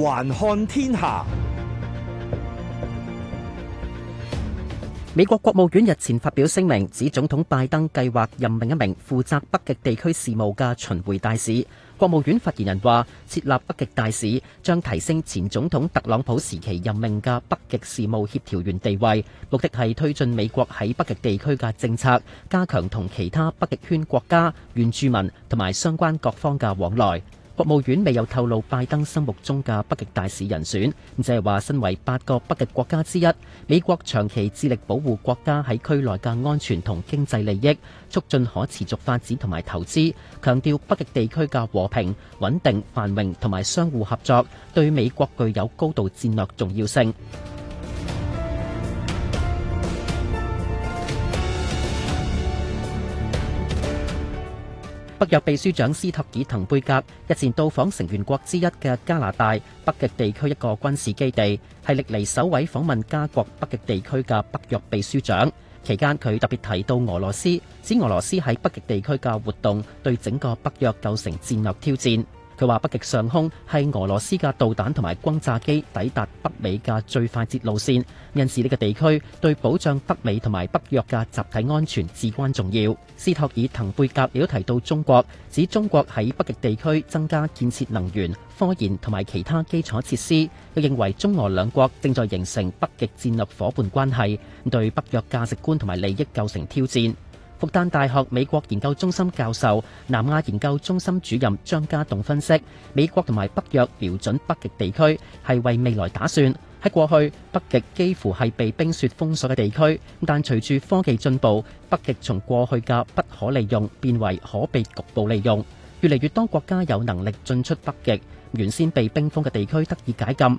環看天下。美國國務院日前發表聲明，指總統拜登計劃任命一名負責北極地區事務嘅巡回大使。國務院發言人話，設立北極大使將提升前總統特朗普時期任命嘅北極事務協調員地位，目的係推進美國喺北極地區嘅政策，加強同其他北極圈國家、原住民同埋相關各方嘅往來。國務院未有透露拜登心目中嘅北極大使人選，就係話，身為八個北極國家之一，美國長期致力保護國家喺區內嘅安全同經濟利益，促進可持續發展同埋投資，強調北極地區嘅和平、穩定、繁榮同埋相互合作，對美國具有高度戰略重要性。北約秘書長斯托爾滕貝格日前到訪成員國之一嘅加拿大北極地區一個軍事基地，係歷嚟首位訪問加國北極地區嘅北約秘書長。期間，佢特別提到俄羅斯，指俄羅斯喺北極地區嘅活動對整個北約構成戰略挑戰。佢話：北極上空係俄羅斯嘅導彈同埋轟炸機抵達北美嘅最快捷路線，因此呢個地區對保障北美同埋北約嘅集體安全至關重要。斯托爾滕貝格亦都提到中國，指中國喺北極地區增加建設能源、科研同埋其他基礎設施，佢認為中俄兩國正在形成北極戰略夥伴關係，對北約價值觀同埋利益構成挑戰。復旦大學美國研究中心教授、南亞研究中心主任張家棟分析，美國和北約瞄準北極地區是為未來打算。在過去，北極幾乎是被冰雪封鎖的地區，但隨着科技進步，北極從過去的不可利用變為可被局部利用。越來越多國家有能力進出北極，原先被冰封的地區得以解禁。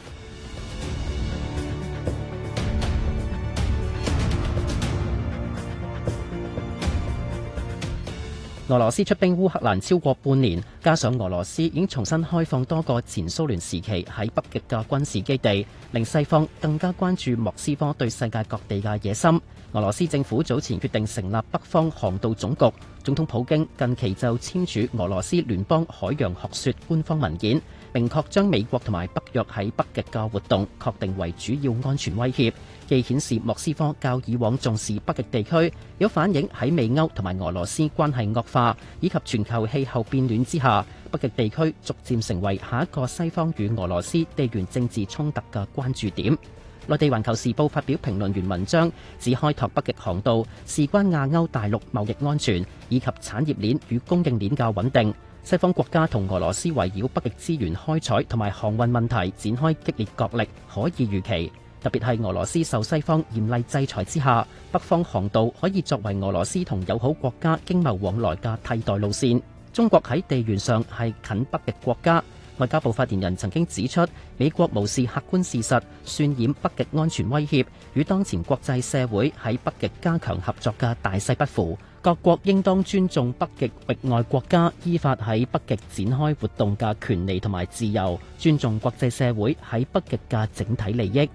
俄羅斯出兵烏克蘭超過半年，加上俄羅斯已經重新開放多個前蘇聯時期喺北極嘅軍事基地，令西方更加關注莫斯科對世界各地嘅野心。俄羅斯政府早前決定成立北方航道總局，總統普京近期就簽署俄羅斯聯邦海洋學說官方文件，明確將美國同埋北約喺北極嘅活動確定為主要安全威脅。既顯示莫斯科較以往重視北極地區，有反映喺美歐同埋俄羅斯關係惡化，以及全球氣候變暖之下，北極地區逐漸成為下一個西方與俄羅斯地緣政治衝突嘅關注點。內地《環球時報》發表評論員文章指，開拓北極航道事關亞歐大陸貿易安全以及產業鏈與供應鏈較穩定。西方國家同俄羅斯圍繞北極資源開採同埋航運問題展開激烈角力，可以預期。特別係俄羅斯受西方嚴厲制裁之下，北方航道可以作為俄羅斯同友好國家經貿往來嘅替代路綫。中國喺地緣上係近北極國家，外交部發言人曾經指出，美國無視客觀事實，渲染北極安全威脅，與當前國際社會喺北極加強合作嘅大勢不符。各國應當尊重北極域外國家依法喺北極展開活動嘅權利同埋自由，尊重國際社會喺北極嘅整體利益。